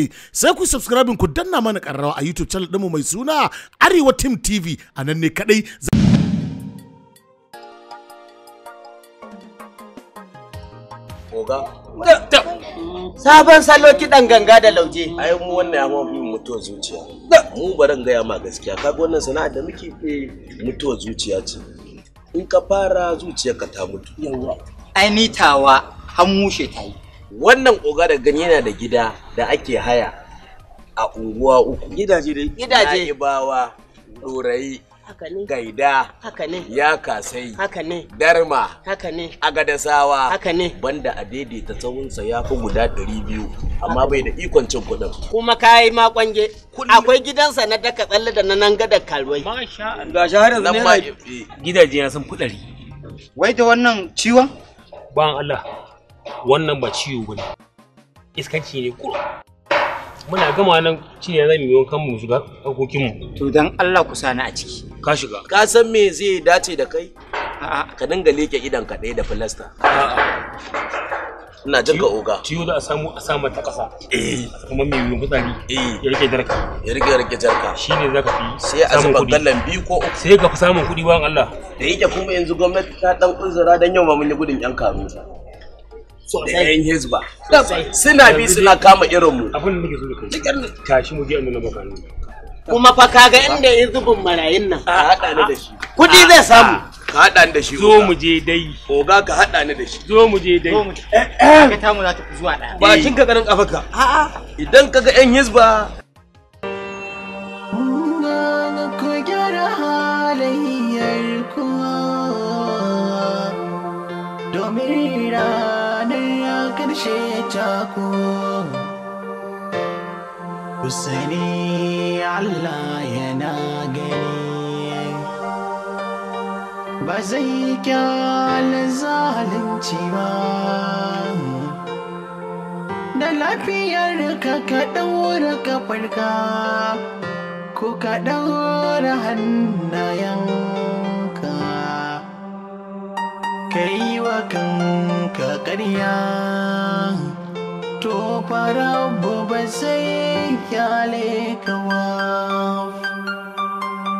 Eh, sai ku subscribe ku danna mana karrawa a YouTube channel ɗinmu mai suna Arewa Team TV a nan ne kadai Oga. Eh, Sabon salo kiɗan ganga da lauje. Ai mu wannan ya mafi mutuwa zuciya. Mu baran gaya ma gaskiya kaga wannan sana'a da muke eh, mutuwa zuciya ce. In ka fara zuciyarka ta mutu. yawa. Ai ni tawa mushe ta yi. wannan oga da gani yana da gida da ake haya a unguwa uku gidaje da gidaje ibawa dorayi gaida ya kasai darma agadasawa banda a daidaita tsawonsa ya fi guda 200 amma bai da ikon cin kudin kuma kayi ma kwange akwai gidansa na daka tsalle da na nan gada kalwai ga shahara gidaje na sun kudari wai da wannan ciwon ban Allah wannan ba ciwo bane iskanci ne kuro muna gama nan shi ne zan yi wankan mu shiga harkokin mu to dan Allah ku sani a ciki ka shiga ka san me zai dace da kai a'a ka dinga leke idan ka ɗaya da a a'a ina jin ka oga ciwo da a samu a samu ta kasa eh kuma me yiwu fitsari eh ya rike jarka ya rike rike jarka shine zaka fi sai a zuba gallan bi ko uku sai ka fi samun kuɗi an Allah da yake kuma yanzu gwamnati ta dan kunzura dan yau ba mun yi gudun yan karuwa da yan hizba suna bi suna kama irin mu abin da nake so da kai tashi mu je an nuna maka kuma fa kaga inda ya zubin marayin nan ka hada ni da shi kudi zai samu ka hada ni da shi zo mu je dai oga ka hada ni da shi zo mu je dai eh, eh. ka ta mu za ta zuwa daya ba kin ka garin kafaka a'a idan kaga yan hizba domin ranar ya karshe taku Kusani Allah yana gani ba zai kyale zalunci ba da lafiyar ka ka ɗaura kafarka ku ka ɗaura hannayen ka karya to fara ba sai kyale kawa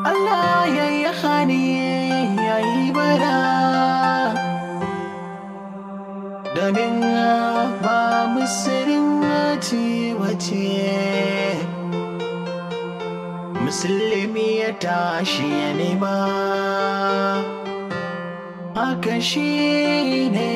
Allah ya yi hani ya yi bara domin ba musirin ci wace musulmi ya tashi ya nema hakan shi ne